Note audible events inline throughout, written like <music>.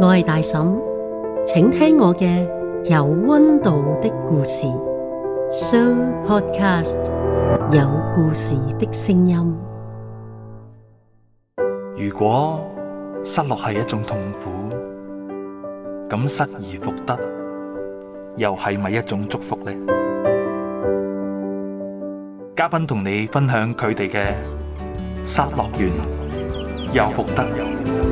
我係大嬸，請聽我嘅有溫度的故事。Show Podcast 有故事的聲音。如果失落係一種痛苦，咁失而復得又係咪一種祝福呢？嘉賓同你分享佢哋嘅失落完又復得。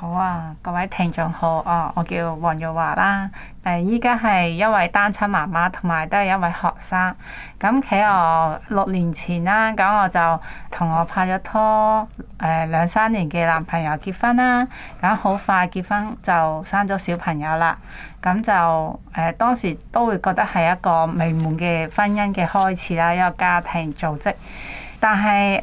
好啊，各位聽眾好啊、哦，我叫黃玉華啦。誒，依家係一位單親媽媽，同埋都係一位學生。咁企我六年前啦，咁我就同我拍咗拖誒兩三年嘅男朋友結婚啦。咁好快結婚就生咗小朋友啦。咁就誒當時都會覺得係一個美滿嘅婚姻嘅開始啦，一個家庭組織。但係誒，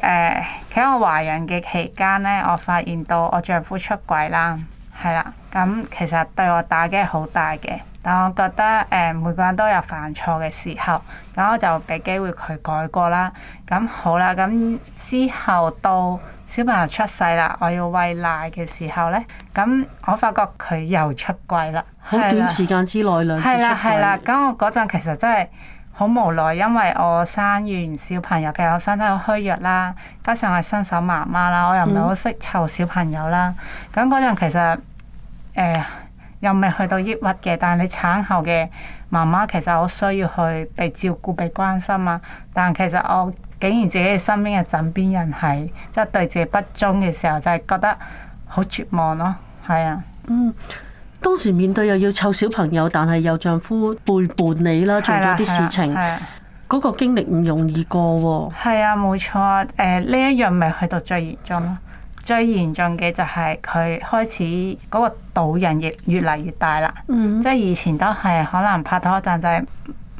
喺我懷孕嘅期間咧，我發現到我丈夫出軌啦，係啦，咁其實對我打擊係好大嘅。但我覺得誒、呃，每個人都有犯錯嘅時候，咁我就俾機會佢改過啦。咁好啦，咁之後到小朋友出世啦，我要餵奶嘅時候咧，咁我發覺佢又出軌啦。係啦，好短時間之內兩次出軌啦。係啦係啦，咁我嗰陣其實真係。好無奈，因為我生完小朋友嘅，我身體好虛弱啦，加上我係新手媽媽啦，我又唔係好識湊小朋友啦。咁嗰陣其實，誒、哎、又未去到抑鬱嘅，但係你產後嘅媽媽其實好需要去被照顧、被關心啊。但其實我竟然自己身邊嘅枕邊人係即係對自己不忠嘅時候，就係、是、覺得好絕望咯。係啊，嗯。當時面對又要湊小朋友，但係又丈夫背叛你啦，的做咗啲事情，嗰個經歷唔容易過。係啊，冇錯。誒、呃，呢一樣咪去到最嚴重咯。最嚴重嘅就係佢開始嗰個賭癮亦越嚟越大啦。嗯、即係以前都係可能拍拖，但就係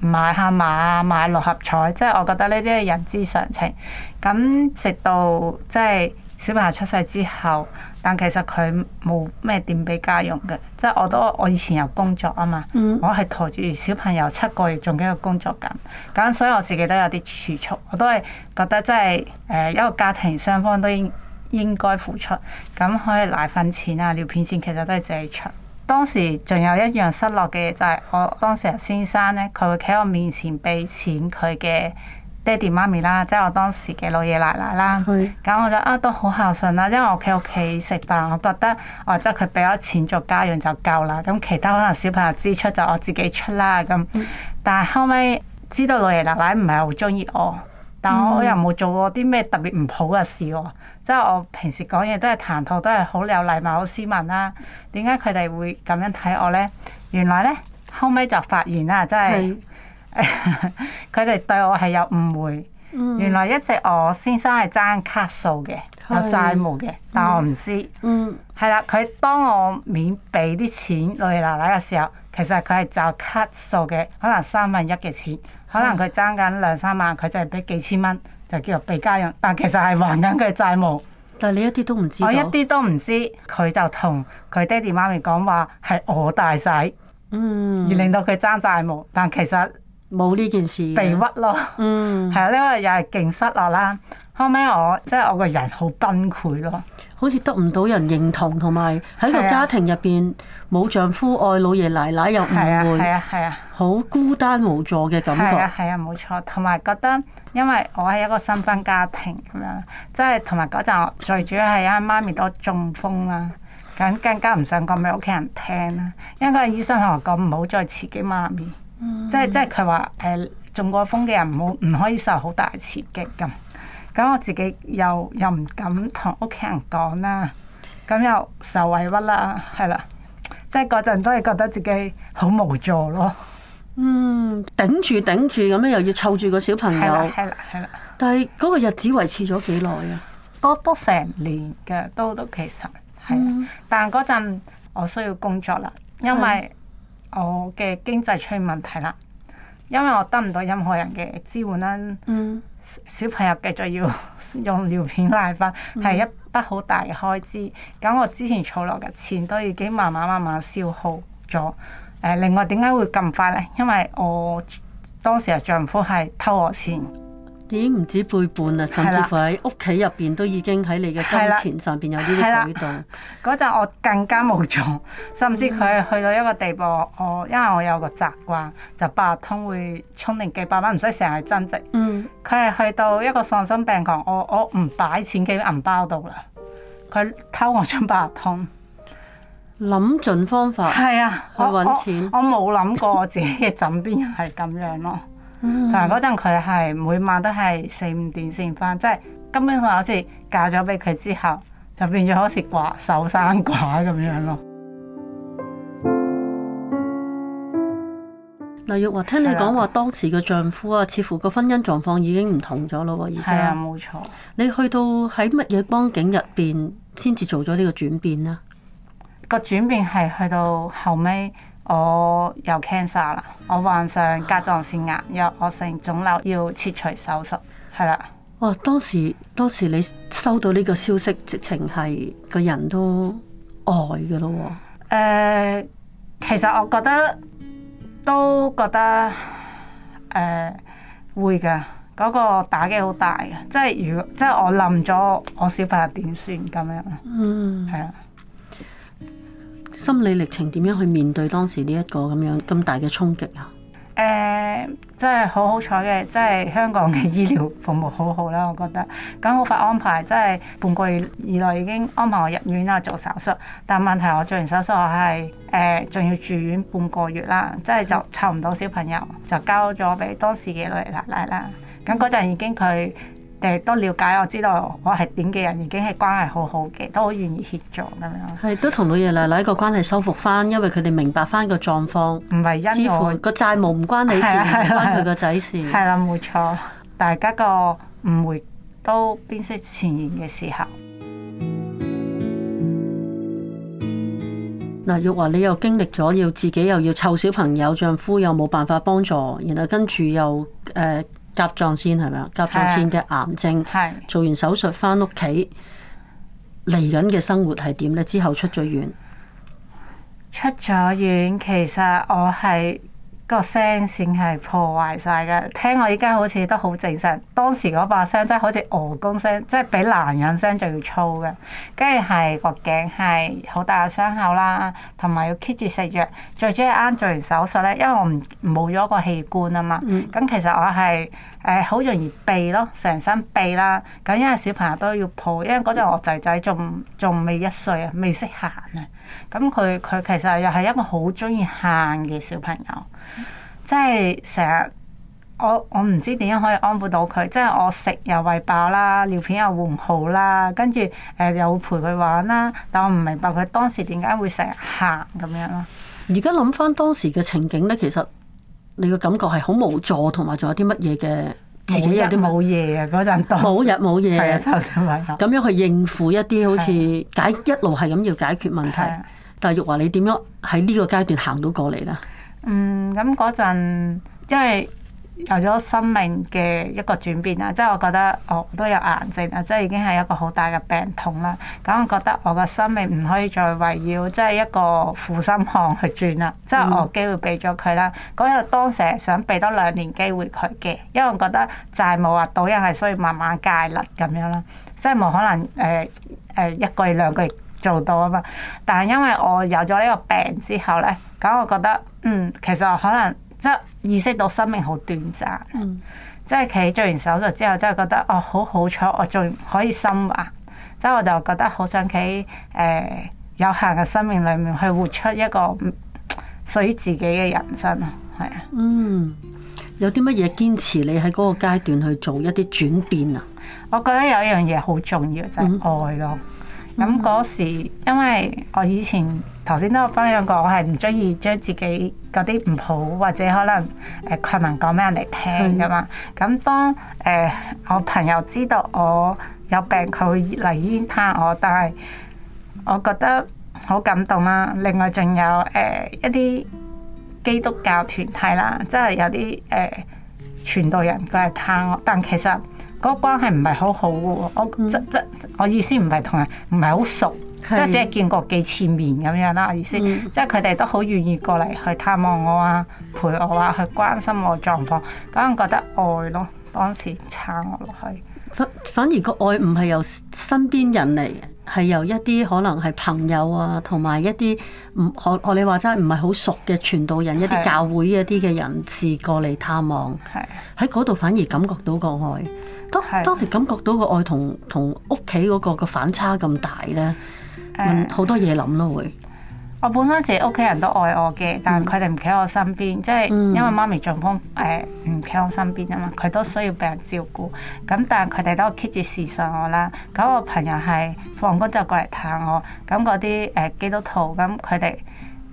買下馬啊，買六合彩，即係我覺得呢啲係人之常情。咁直到即係。小朋友出世之後，但其實佢冇咩點俾家用嘅，即係我都我以前有工作啊嘛，mm. 我係拖住小朋友七個月仲喺度工作緊，咁所以我自己都有啲儲蓄，我都係覺得真係誒一個家庭雙方都應應該付出，咁可以奶粉錢啊、尿片錢其實都係自己出。當時仲有一樣失落嘅就係我當時先生呢，佢會企喺我面前俾錢佢嘅。爹哋媽咪啦，即係我當時嘅老爺奶奶啦。咁是我就啊都好孝順啦，因為我企屋企食飯，我覺得哦，即係佢俾咗錢做家用就夠啦。咁其他可能小朋友支出就我自己出啦。咁但係後尾知道老爺奶奶唔係好中意我，但我又冇做過啲咩特別唔好嘅事喎。即係、嗯、我平時講嘢都係談吐都係好有禮貌、好斯文啦。點解佢哋會咁樣睇我呢？原來呢，後尾就發現啦，即、就、係、是。佢哋 <laughs> 對我係有誤會，原來一直我先生係爭卡數嘅，有債務嘅，但我唔知。係啦，佢當我面俾啲錢女奶奶嘅時候，其實佢係就卡數嘅，可能三萬一嘅錢，可能佢爭緊兩三萬，佢就係俾幾千蚊，就叫做俾家用，但其實係還緊佢債務。但你一啲都唔知，我一啲都唔知。佢就同佢爹哋媽咪講話係我大使，而令到佢爭債務，但其實。冇呢件事，被屈咯，嗯，係啊，呢個，又係勁失落啦。後尾我即係、就是、我個人好崩潰咯，好似得唔到人認同，同埋喺個家庭入邊冇丈夫愛，老爺奶奶又誤會，係啊，係啊，好孤單無助嘅感覺，係啊，冇錯。同埋覺得因為我係一個新婚家庭咁樣，即係同埋嗰陣我最主要係因為媽咪都中風啦，咁更加唔想講俾屋企人聽啦，因為個醫生同我講唔好再刺激媽咪。即係即係佢話誒，中過風嘅人冇，唔可以受好大刺激咁，咁我自己又又唔敢同屋企人講啦，咁又受委屈啦，係啦，即係嗰陣都係覺得自己好無助咯。嗯，頂住頂住咁樣又要湊住個小朋友，係啦係啦。但係嗰個日子維持咗幾耐啊？多都成年嘅，都都其實係，嗯，但嗰陣我需要工作啦，因為。我嘅經濟出現問題啦，因為我得唔到任何人嘅支援啦。嗯，mm. 小朋友繼續要用尿片、奶粉，係一筆好大嘅開支。咁我之前儲落嘅錢都已經慢慢慢慢消耗咗。誒，另外點解會咁快呢？因為我當時嘅丈夫係偷我錢。已經唔止背叛啦，甚至乎喺屋企入邊都已經喺你嘅金錢上邊有呢啲舉動。嗰陣我更加無助，甚至佢去到一個地步，嗯、我因為我有個習慣，就八達通會充定幾百蚊，唔使成日增值。佢係、嗯、去到一個喪心病狂，我我唔擺錢喺銀包度啦，佢偷我張八達通，諗盡方法。係啊，去揾錢。我冇諗過我自己嘅枕邊人係咁樣咯。 <laughs> 嗯、但係嗰陣佢係每晚都係四五點先返，即係根本上好似嫁咗俾佢之後，就變咗好似話，守生寡咁樣咯。劉玉華， <laughs> 聽你講話的當時嘅丈夫啊，似乎個婚姻狀況已經唔同咗咯，而家係啊？冇錯。錯你去到喺乜嘢光景入邊先至做咗呢個轉變啊？個轉變係去到後尾。我有 cancer 啦，我患上甲狀腺癌，有惡性腫瘤要切除手術，係啦。哇、哦！當時當時你收到呢個消息，直情係個人都呆嘅咯喎。其實我覺得都覺得誒、呃、會嘅，嗰、那個打擊好大嘅，即係如果，即係我冧咗，我小朋友點算咁樣啊？嗯，係啊。心理歷程點樣去面對當時呢一個咁樣咁大嘅衝擊啊？誒、呃，真係好好彩嘅，即係香港嘅醫療服務好好啦，我覺得。咁好快安排，即係半個月以內已經安排我入院啦，做手術。但問題我做完手術，我係誒仲要住院半個月啦，即係就湊唔到小朋友，就交咗俾當時嘅奶奶啦。咁嗰陣已經佢。誒都了解，我知道我係點嘅人，已經係關係好好嘅，都好願意協助咁樣。係都同老爺奶奶個關係修復翻，因為佢哋明白翻個狀況。唔係，因為乎個債務唔關你事，啊啊、關佢個仔事。係啦、啊，冇錯，大家個誤會都冰釋前嫌嘅時候。嗱，玉華，你又經歷咗，要自己又要湊小朋友，丈夫又冇辦法幫助，然後跟住又誒。呃甲狀腺係咪？甲狀腺嘅癌症，做完手術返屋企嚟緊嘅生活係點呢？之後出咗院，出咗院其實我係。個聲線係破壞晒嘅，聽我依家好似都好正常。當時嗰把聲真係好似鵝公聲，即係比男人聲仲要粗嘅。跟住係個頸係好大嘅傷口啦，同埋要 keep 住食藥。最主要啱做完手術咧，因為我唔冇咗個器官啊嘛，咁、嗯、其實我係誒好容易痹咯，成身痹啦。咁因為小朋友都要抱，因為嗰陣我仔仔仲仲未一歲啊，未識行啊，咁佢佢其實又係一個好中意喊嘅小朋友。即係成日，我我唔知點樣可以安撫到佢。即係我食又餵飽啦，尿片又換唔好啦，跟住誒又陪佢玩啦。但我唔明白佢當時點解會成日喊咁樣咯。而家諗翻當時嘅情景咧，其實你嘅感覺係好無助，同埋仲有啲乜嘢嘅，自己有啲冇嘢啊，嗰陣冇日冇夜。係啊，咁樣去應付一啲好似解的一路係咁要解決問題，的但係玉華，你點樣喺呢個階段行到過嚟咧？嗯，咁嗰陣，因為有咗生命嘅一個轉變啦，即係我覺得哦，我都有癌症啊，即係已經係一個好大嘅病痛啦。咁我覺得我個生命唔可以再圍繞即係一個負心漢去轉啦，即係我機會俾咗佢啦。嗰日、嗯、當時係想俾多兩年機會佢嘅，因為我覺得債務啊、賭債係需要慢慢戒律咁樣啦，即係冇可能誒誒一個月兩個月做到啊嘛。但係因為我有咗呢個病之後咧，咁我覺得。嗯，其實我可能即意識到生命好短暫，嗯、即係佢做完手術之後，真係覺得哦，好好彩，我仲可以生還，即係我就覺得好想喺誒、欸、有限嘅生命裏面去活出一個屬於自己嘅人生，係啊。嗯，有啲乜嘢堅持你喺嗰個階段去做一啲轉變啊？我覺得有一樣嘢好重要就係、是、愛咯。咁嗰、嗯嗯、時，因為我以前。頭先都有分享過，我係唔中意將自己嗰啲唔好或者可能誒困難講俾人嚟聽㗎嘛。咁的當誒、呃、我朋友知道我有病，佢嚟醫院探我，但係我覺得好感動啦、啊。另外仲有誒、呃、一啲基督教團體啦，即、就、係、是、有啲誒、呃、傳道人佢嚟探我，但其實嗰個關係唔係好好、啊、喎。我即即的我意思唔係同人唔係好熟。即係是只係見過幾次面咁樣啦，意思、嗯、即係佢哋都好願意過嚟去探望我啊，陪我啊，去關心我狀況，咁覺得愛咯。當時撐我落去。反反而個愛唔係由身邊人嚟，係由一啲可能係朋友啊，同埋一啲唔我我你話齋唔係好熟嘅傳道人、的一啲教會一啲嘅人士過嚟探望，喺嗰度反而感覺到個愛。當的當時感覺到個愛同同屋企嗰個個反差咁大咧。好、uh, 多嘢諗咯，會。我本身自己屋企人都愛我嘅，嗯、但係佢哋唔喺我身邊，嗯、即係因為媽咪中風誒唔企我身邊啊嘛，佢都需要俾人照顧。咁但係佢哋都 keep 住時上我啦。嗰、那、我、個、朋友係放工就過嚟探我，咁嗰啲誒基督徒，咁佢哋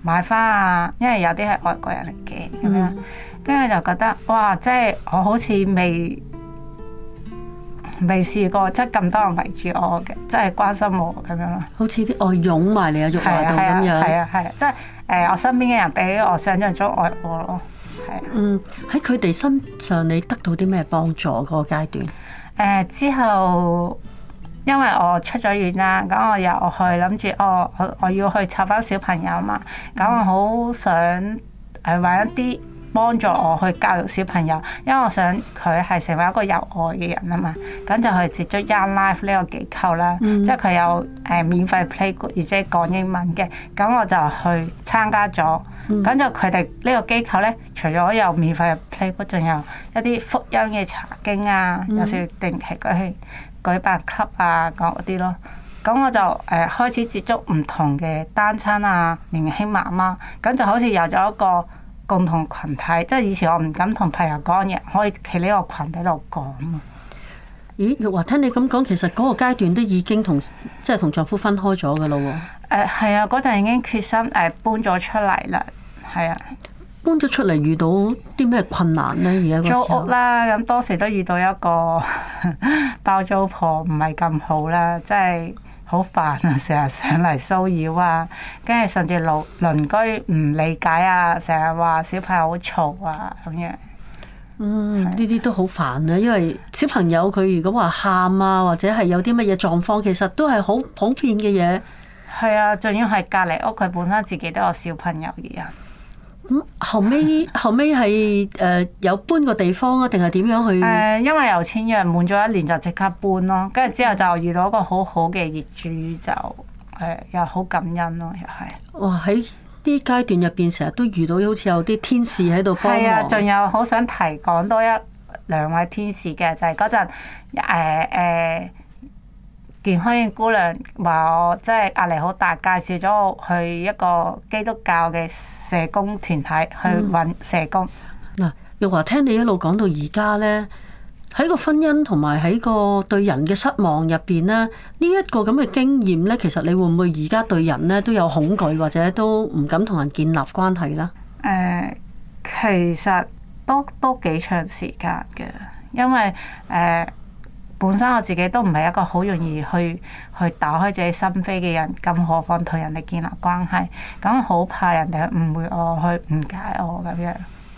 買花啊，因為有啲係外國人嚟嘅咁樣，跟住就覺得哇，即係我好似未。未試過，即係咁多人圍住我嘅，即係關心我咁樣。好似啲愛湧埋你啊，肉喺度咁樣。係啊係啊，即係誒，我身邊嘅人俾我想象中愛我咯。係啊。啊啊啊啊啊啊嗯，喺佢哋身上你得到啲咩幫助嗰、嗰個階段？誒、嗯，之後因為我出咗院啦，咁我又去諗住，哦，我我要去湊翻小朋友嘛，咁我好想誒、嗯、玩一啲。幫助我去教育小朋友，因為我想佢係成為一個有愛嘅人啊嘛，咁就去接觸 Young Life 呢個機構啦，mm hmm. 即係佢有誒免費 playgroup 而且講英文嘅，咁我就去參加咗，咁、mm hmm. 就佢哋呢個機構咧，除咗有免費 playgroup，仲有一啲福音嘅查經啊，mm hmm. 有時定期舉行舉辦 club 啊，嗰啲咯，咁我就誒開始接觸唔同嘅單親啊、年輕媽媽，咁就好似有咗一個。共同群體，即係以前我唔敢同朋友講嘢，可以企呢個群體度講啊！咦，玉華，聽你咁講，其實嗰個階段都已經同即係同丈夫分開咗㗎啦喎。誒、呃，係啊，嗰陣已經決心誒、呃、搬咗出嚟啦，係啊，搬咗出嚟遇到啲咩困難咧？而家租屋啦，咁、嗯、當時都遇到一個包 <laughs> 租婆唔係咁好啦，即係。好煩啊！成日上嚟騷擾啊，跟住甚至老鄰居唔理解啊，成日話小朋友好嘈啊咁樣。嗯，呢啲都好煩啊，因為小朋友佢如果話喊啊，或者係有啲乜嘢狀況，其實都係好普遍嘅嘢。係啊，仲要係隔離屋，佢本身自己都有小朋友嘅人。咁、嗯、後尾後尾係誒有搬個地方啊，定係點樣去？誒、呃，因為有簽約滿咗一年就即刻搬咯，跟住之後就遇到一個好好嘅業主，就誒、呃、又好感恩咯，又係。哇！喺啲階段入邊成日都遇到好似有啲天使喺度幫忙係啊，仲、呃、有好想提講多一兩位天使嘅，就係嗰陣誒誒。呃呃呃健康院姑娘話我即係壓力好大，介紹咗我去一個基督教嘅社工團體去揾社工。嗱、嗯，玉華，聽你一路講到而家呢，喺個婚姻同埋喺個對人嘅失望入邊呢，呢一個咁嘅經驗呢，其實你會唔會而家對人呢都有恐懼，或者都唔敢同人建立關係呢？誒、呃，其實都都幾長時間嘅，因為誒。呃本身我自己都唔係一個好容易去去打開自己心扉嘅人，咁何況同人哋建立關係，咁好怕人哋誤會我，去誤解我咁樣，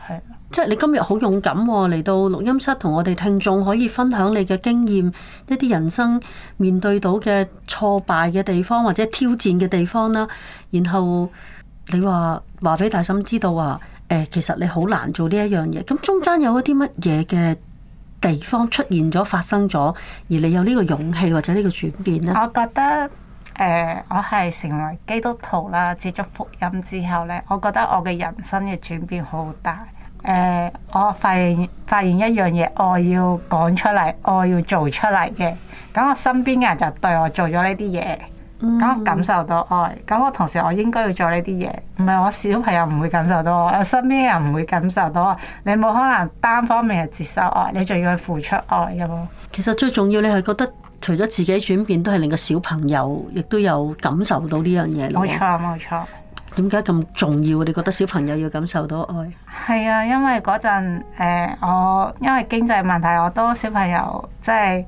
係，即係你今日好勇敢喎，嚟到錄音室同我哋聽眾可以分享你嘅經驗，一啲人生面對到嘅挫敗嘅地方或者挑戰嘅地方啦。然後你話話俾大嬸知道話，誒其實你好難做呢一樣嘢，咁中間有咗啲乜嘢嘅？地方出現咗，發生咗，而你有呢個勇氣或者呢個轉變咧？我覺得誒、呃，我係成為基督徒啦，接咗福音之後咧，我覺得我嘅人生嘅轉變好大。誒、呃，我發現發現一樣嘢，我要講出嚟，我要做出嚟嘅。咁我身邊嘅人就對我做咗呢啲嘢。咁、嗯、我感受到愛，咁我同時我應該要做呢啲嘢，唔係我小朋友唔會感受到愛，我身邊嘅人唔會感受到愛，你冇可能單方面係接受愛，你仲要去付出愛嘅喎。其實最重要，你係覺得除咗自己轉變，都係令個小朋友亦都有感受到呢樣嘢。冇錯冇錯，點解咁重要？你覺得小朋友要感受到愛？係啊，因為嗰陣、呃、我因為經濟問題，我都小朋友即係、就是、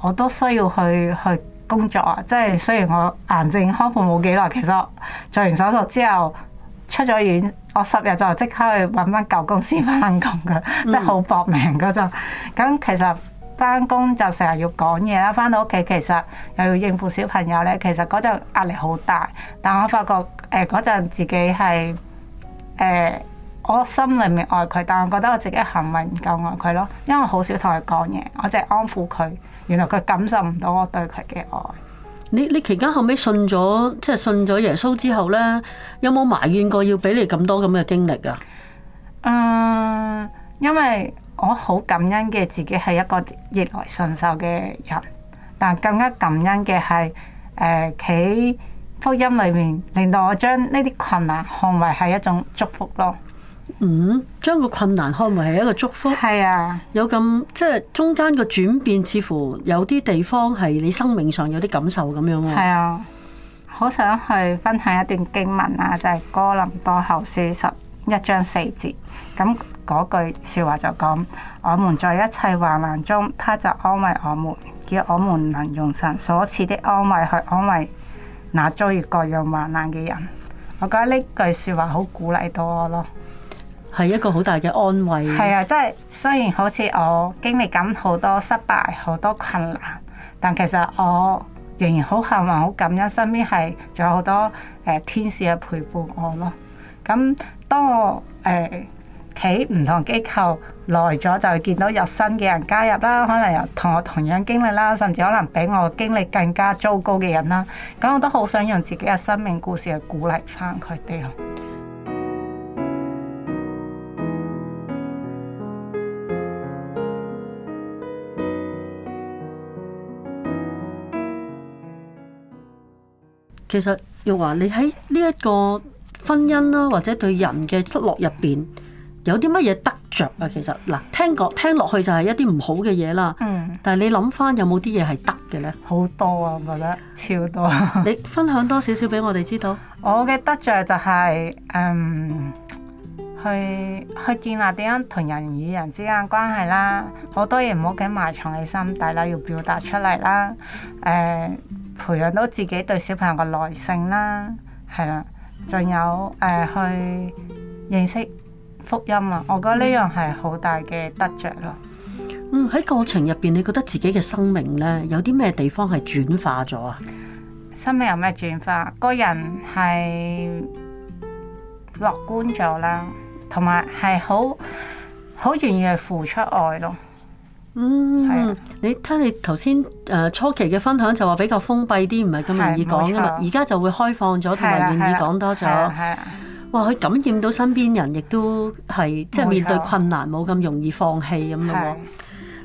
我都需要去去。工作啊，即係雖然我癌症康復冇幾耐，其實做完手術之後出咗院，我十日就即刻去揾返舊公司返工嘅，mm. 即係好搏命嗰陣。咁其實返工就成日要講嘢啦，返到屋企其實又要應付小朋友呢。其實嗰陣壓力好大。但我發覺誒嗰陣自己係誒。呃我心裏面愛佢，但我覺得我自己行為唔夠愛佢咯，因為我好少同佢講嘢，我淨係安撫佢。原來佢感受唔到我對佢嘅愛。你你期間後尾信咗，即係信咗耶穌之後呢，有冇埋怨過要俾你咁多咁嘅經歷啊？嗯，因為我好感恩嘅，自己係一個逆來順受嘅人，但更加感恩嘅係誒喺福音裏面令到我將呢啲困難看為係一種祝福咯。嗯，將個困難看為係一個祝福，係啊，有咁即係中間個轉變，似乎有啲地方係你生命上有啲感受咁樣啊。係啊，好想去分享一段經文啊，就係《哥林多後書》十一章四節咁嗰句説話就講：我們在一切患難中，他就安慰我們，叫我們能用神所賜的安慰去安慰那遭遇各樣患難嘅人。我覺得呢句説話好鼓勵到我咯。係一個好大嘅安慰。係啊，即係雖然好似我經歷緊好多失敗、好多困難，但其實我仍然好幸運、好感恩，身邊係仲有好多誒、呃、天使去陪伴我咯。咁當我誒企唔同機構耐咗，來就見到有新嘅人加入啦，可能又同我同樣經歷啦，甚至可能比我經歷更加糟糕嘅人啦。咁我都好想用自己嘅生命故事去鼓勵返佢哋啊！其實玉華、啊、你喺呢一個婚姻啦、啊，或者對人嘅失落入邊，有啲乜嘢得着啊？其實嗱，聽講聽落去就係一啲唔好嘅嘢啦。嗯。但係你諗翻有冇啲嘢係得嘅咧？好多啊，我覺得超多。你分享多少少俾我哋知道。 <laughs> 我嘅得着就係、是，嗯，去去建立點樣同人與人之間關係啦，好多嘢唔好咁埋藏喺心底啦，要表達出嚟啦，誒、嗯。培養到自己對小朋友嘅耐性啦，係啦，仲有誒、呃、去認識福音啊，我覺得呢樣係好大嘅得着咯。嗯，喺過程入邊，你覺得自己嘅生命呢，有啲咩地方係轉化咗啊？生命有咩轉化？個人係樂觀咗啦，同埋係好好願意去付出愛咯。嗯，啊、你睇你頭先誒初期嘅分享就話比較封閉啲，唔係咁容易講㗎嘛。而家就會開放咗，同埋願意講多咗。啊啊啊、哇！佢感染到身邊人，亦都係即係面對困難冇咁容易放棄咁咯。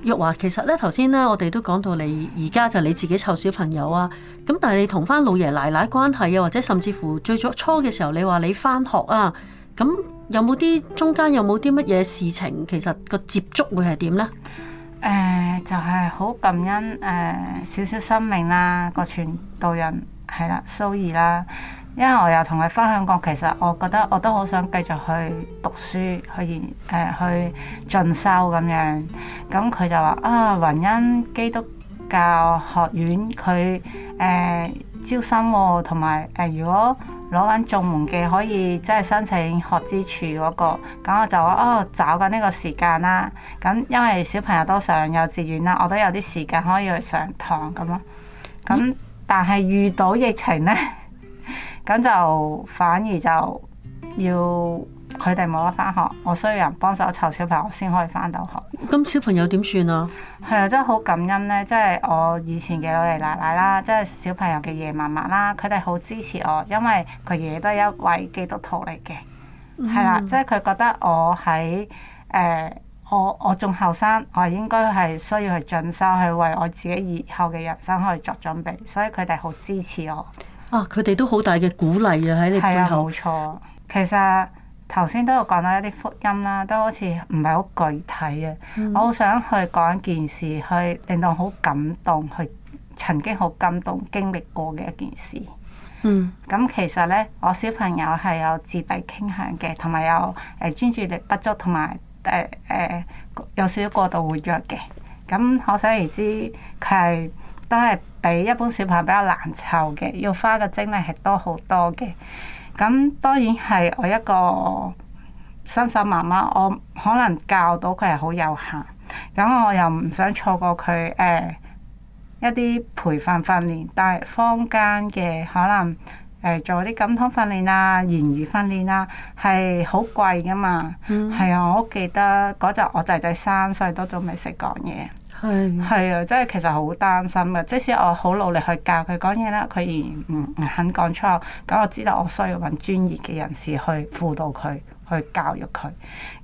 玉華、啊啊、其實咧，頭先咧，我哋都講到你而家就你自己湊小朋友啊。咁但係你同翻老爺奶，奶奶關係啊，或者甚至乎最初嘅時候，你話你翻學啊，咁有冇啲中間有冇啲乜嘢事情？其實個接觸會係點咧？實誒、呃、就係、是、好感恩誒少少生命啦，個傳道人係啦，蘇怡啦，因為我又同佢分享過，其實我覺得我都好想繼續去讀書去研誒、呃、去進修咁樣，咁、嗯、佢就話啊雲恩基督教學院佢誒、呃、招生喎、啊，同埋誒如果。攞緊仲門嘅可以即係申請學資處嗰個，咁我就哦找緊呢個時間啦。咁因為小朋友都上幼稚園啦，我都有啲時間可以去上堂咁咯。咁但係遇到疫情呢，咁就反而就要。佢哋冇得翻學，我需要人幫手湊小朋友先可、啊啊、以翻到學。咁小朋友點算啊？係啊，真係好感恩咧！即係我以前嘅老爺奶奶啦，即係小朋友嘅爺爺嫲嫲啦，佢哋好支持我，因為佢爺爺都係一位基督徒嚟嘅，係啦、嗯啊，即係佢覺得我喺誒、欸，我我仲後生，我應該係需要去進修，去為我自己以後嘅人生去作準備，所以佢哋好支持我。啊！佢哋都好大嘅鼓勵啊！喺呢度，係啊，冇錯，其實。頭先都有講到一啲福音啦，都好似唔係好具體嘅。嗯、我好想去講一件事，去令到好感動，去曾經好感動經歷過嘅一件事。嗯，咁其實呢，我小朋友係有自閉傾向嘅，同埋有誒專注力不足同埋誒誒有少少過度活躍嘅。咁可想而知，佢係都係比一般小朋友比較難湊嘅，要花嘅精力係多好多嘅。咁當然係我一個新手媽媽，我可能教到佢係好有限。咁我又唔想錯過佢誒、哎、一啲培訓訓練，但係坊間嘅可能誒、哎、做啲感統訓練啊、言語訓練啊係好貴㗎嘛。係、mm hmm. 啊，我記得嗰陣我仔仔三歲都仲未識講嘢。係啊，即係其實好擔心嘅。即使我好努力去教佢講嘢啦，佢仍然唔肯講出口。咁我知道我需要揾專業嘅人士去輔導佢，去教育佢。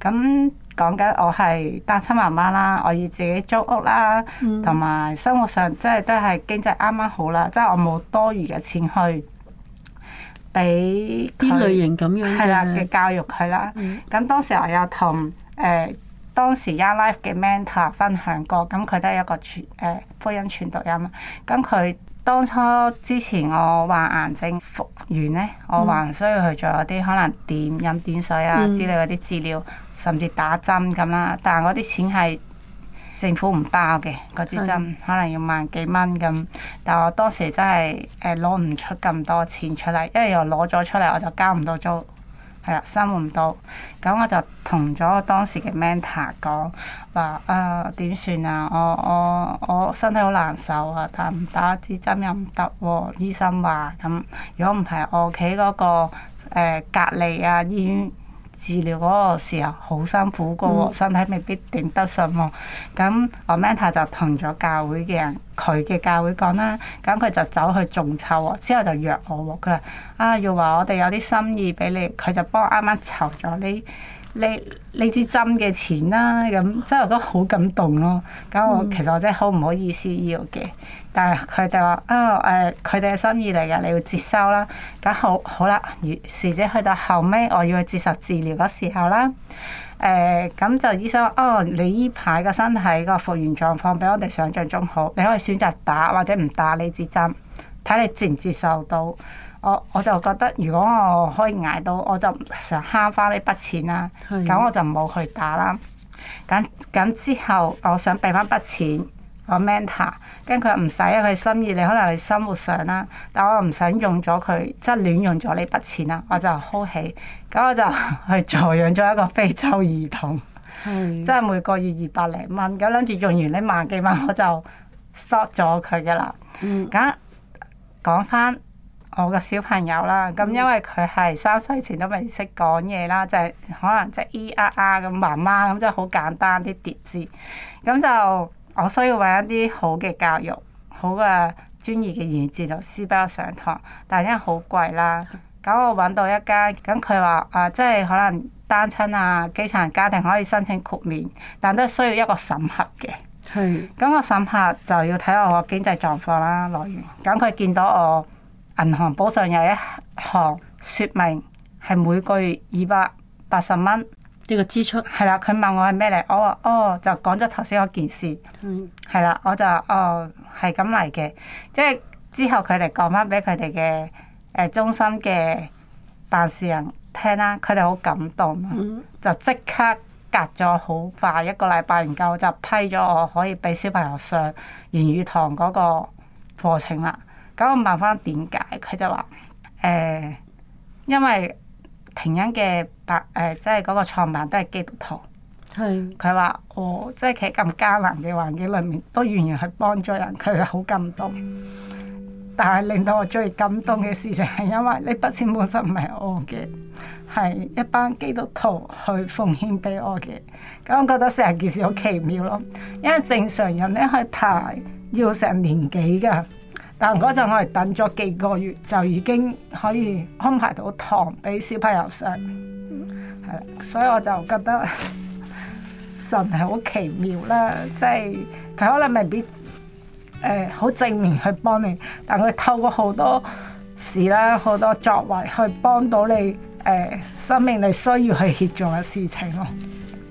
咁講緊我係單親媽媽啦，我要自己租屋啦，同埋、嗯、生活上即係都係經濟啱啱好啦，即、就、係、是、我冇多餘嘅錢去俾啲類型咁樣嘅教育佢啦。咁、嗯、當時候又同誒。欸當時 Young Life 嘅 mentor、er、分享過，咁佢都係一個傳誒福音傳道人。咁佢當初之前我患癌症復原呢，我還需要去做啲可能點飲點水啊之類嗰啲治療，甚至打針咁啦。但係啲錢係政府唔包嘅，嗰支針可能要萬幾蚊咁。但我當時真係誒攞唔出咁多錢出嚟，因為又攞咗出嚟我就交唔到租。係啦，生活唔到咁，我就同咗我當時嘅 mentor 講話啊，點算啊？我我我身體好難受啊，但唔打支針又唔得喎。醫生話咁，如果唔係我屋企嗰、嗰個、欸、隔離啊醫院。治療嗰個時候好辛苦個喎、哦，嗯、身體未必頂得順喎、哦。咁我 m a n a 就同咗教會嘅人，佢嘅教會講啦，咁佢就走去種籌喎，之後就約我喎、哦。佢話啊，要話我哋有啲心意俾你，佢就幫啱啱籌咗啲，你你支針嘅錢啦、啊，咁真係覺得好感動咯、啊。咁我其實我真係好唔好意思要嘅，嗯、但係佢哋話啊誒，佢哋嘅心意嚟嘅，你要接收啦。咁好好啦，如是者去到後尾我要去接受治療嘅時候啦，誒、呃、咁就醫生話哦，你呢排個身體個復原狀況比我哋想像中好，你可以選擇打或者唔打你支針，睇你接唔接受到。我我就覺得，如果我可以捱到，我就想慳翻呢筆錢啦。咁的我就冇去打啦。咁咁之後，我想俾翻筆錢，我 mentor 跟佢唔使啊，佢心意，你可能係生活上啦。但我唔想用咗佢，即係亂用咗呢筆錢啊，的我就收起。咁我就去助養咗一個非洲兒童，即係的 <laughs> 每個月二百零蚊。咁諗住用完呢萬幾蚊，我就 stop 咗佢噶啦。咁講翻。我個小朋友啦，咁因為佢係三歲前都未識講嘢啦，就係、是、可能即係 E R R 咁媽媽咁，即係好簡單啲疊字。咁就我需要揾一啲好嘅教育，好嘅專業嘅語言治療師幫我上堂，但係因為好貴啦，咁我揾到一間，咁佢話啊，即、就、係、是、可能單親啊、基層家庭可以申請豁免，但都需要一個審核嘅。係。咁個審核就要睇下我個經濟狀況啦、來源。咁佢見到我，銀行簿上有一行説明，係每個月二百八十蚊。呢個支出係啦，佢問我係咩嚟？我話哦，就講咗頭先嗰件事，係啦、嗯，我就話哦，係咁嚟嘅，即係之後佢哋講翻俾佢哋嘅誒中心嘅辦事人聽啦，佢哋好感動就即刻隔咗好快一個禮拜，唔夠就批咗我可以俾小朋友上言語堂嗰個課程啦。咁我問翻點解，佢就話：誒、欸，因為婷欣嘅爸誒，即係嗰個創辦都係基督徒。係的。佢話我即係企喺咁艱難嘅環境裏面，都願意去幫助人，佢好感動。但係令到我最感動嘅事情係因為呢筆錢本身唔係我嘅，係一班基督徒去奉獻俾我嘅。咁我覺得成件事好奇妙咯，因為正常人咧去排要成年幾噶。但嗰陣我係等咗幾個月，就已經可以安排到糖俾小朋友食，係啦、嗯，所以我就覺得 <laughs> 神係好奇妙啦，即係佢可能未必誒好、呃、正面去幫你，但佢透過好多事啦、好多作為去幫到你誒、呃、生命你需要去協助嘅事情咯。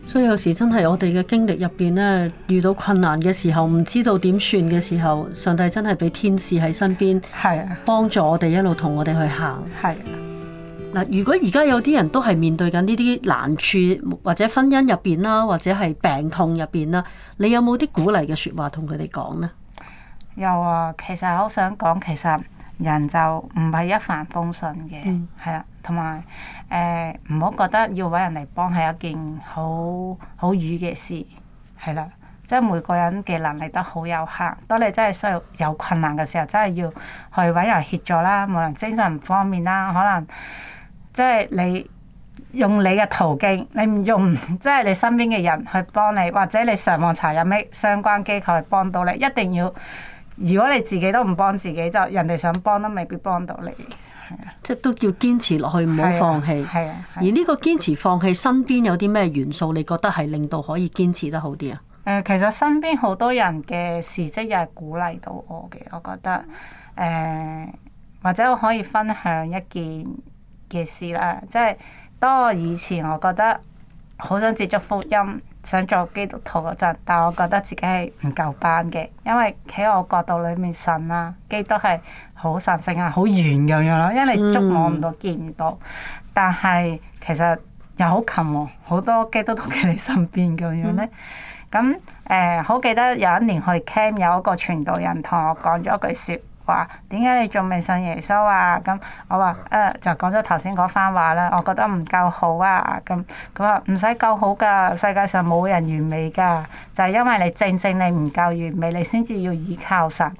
所以有時真係我哋嘅經歷入邊咧，遇到困難嘅時候，唔知道點算嘅時候，上帝真係俾天使喺身邊，係啊，幫助我哋一路同我哋去行。係啊，如果而家有啲人都係面對緊呢啲難處，或者婚姻入邊啦，或者係病痛入邊啦，你有冇啲鼓勵嘅說話同佢哋講呢？有啊，其實我想講，其實人就唔係一帆風順嘅，係啦、嗯。同埋誒，唔好、呃、覺得要揾人嚟幫係一件好好瘀嘅事，係啦。即、就、係、是、每個人嘅能力都好有限。當你真係需要有困難嘅時候，真係要去揾人協助啦。無論精神方面啦，可能即係、就是、你用你嘅途徑，你唔用即係、就是、你身邊嘅人去幫你，或者你上網查有咩相關機構去幫到你。一定要，如果你自己都唔幫自己，就人哋想幫都未必幫到你。即係都叫堅持落去，唔好放棄。係啊，啊啊而呢個堅持放棄，身邊有啲咩元素你覺得係令到可以堅持得好啲啊？誒、嗯，其實身邊好多人嘅事蹟又係鼓勵到我嘅，我覺得誒、嗯，或者我可以分享一件嘅事啦。即係當我以前我覺得好想接觸福音，想做基督徒嗰陣，但我覺得自己係唔夠班嘅，因為喺我角度裏面，神啦、啊，基督係。好神聖啊，好遠咁樣咯，因為捉摸唔到，見唔到。但係其實又好近喎，好多基督都企你身邊咁樣咧。咁誒、嗯，好、嗯、記得有一年去 camp 有一個傳道人同我講咗一句説話：點解你仲未信耶穌啊？咁我話：誒、啊，就講咗頭先嗰番話啦。我覺得唔夠好啊。咁佢話：唔使夠好㗎，世界上冇人完美㗎，就係、因為你正正你唔夠完美，你先至要倚靠神。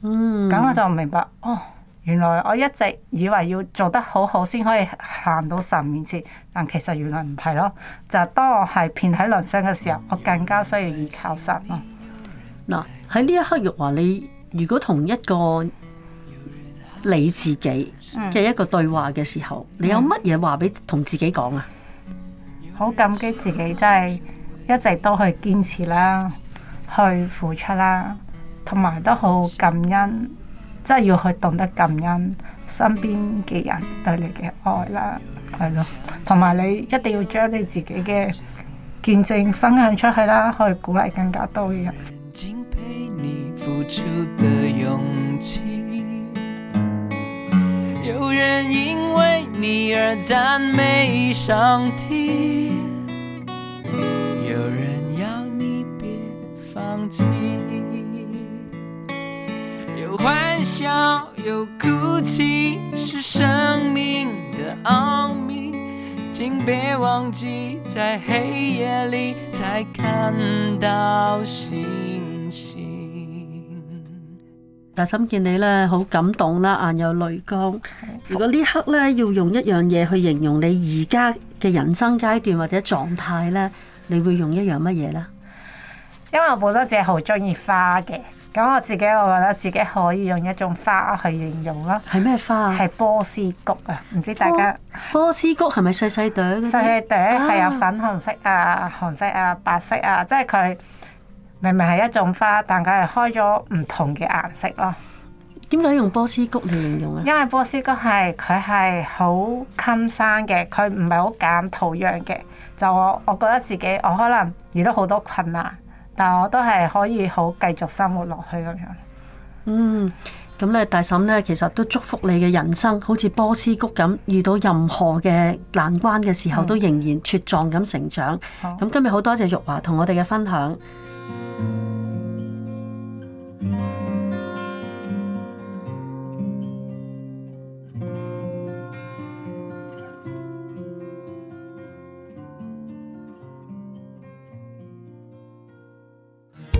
咁、嗯、我就明白哦，原來我一直以為要做得好好先可以行到神面前，但其實原來唔係咯。就當我係遍體鱗傷嘅時候，我更加需要依靠神咯。嗱、嗯，喺呢一刻，玉華你如果同一個你自己嘅一個對話嘅時候，你有乜嘢話俾同自己講啊？好感激自己，真係一直都去堅持啦，去付出啦。同埋都好感恩，即係要去懂得感恩身邊嘅人對你嘅愛啦，係咯。同埋你一定要將你自己嘅見證分享出去啦，去鼓勵更加多嘅人。笑又哭泣，是生命的奧秘，請別忘記，在黑夜裏才看到星星。大嬸見你咧，好感動啦，眼有淚光。如果呢刻咧，要用一樣嘢去形容你而家嘅人生階段或者狀態咧，你會用一樣乜嘢咧？因為我好多只好中意花嘅。咁我自己，我覺得自己可以用一種花去形容咯。係咩花啊？係波斯菊啊！唔知大家波，波斯菊係咪細細朵？細細朵係有粉紅色啊、紅色啊、白色啊，即係佢明明係一種花，但佢係開咗唔同嘅顏色咯。點解用波斯菊嚟形容啊？因為波斯菊係佢係好襟生嘅，佢唔係好揀土壤嘅。就我我覺得自己我可能遇到好多困難。但我都係可以好繼續生活落去咁樣。嗯，咁咧大嬸咧，其實都祝福你嘅人生好似波斯菊咁，遇到任何嘅難關嘅時候，嗯、都仍然茁壯咁成長。咁好今日好多謝玉華同我哋嘅分享。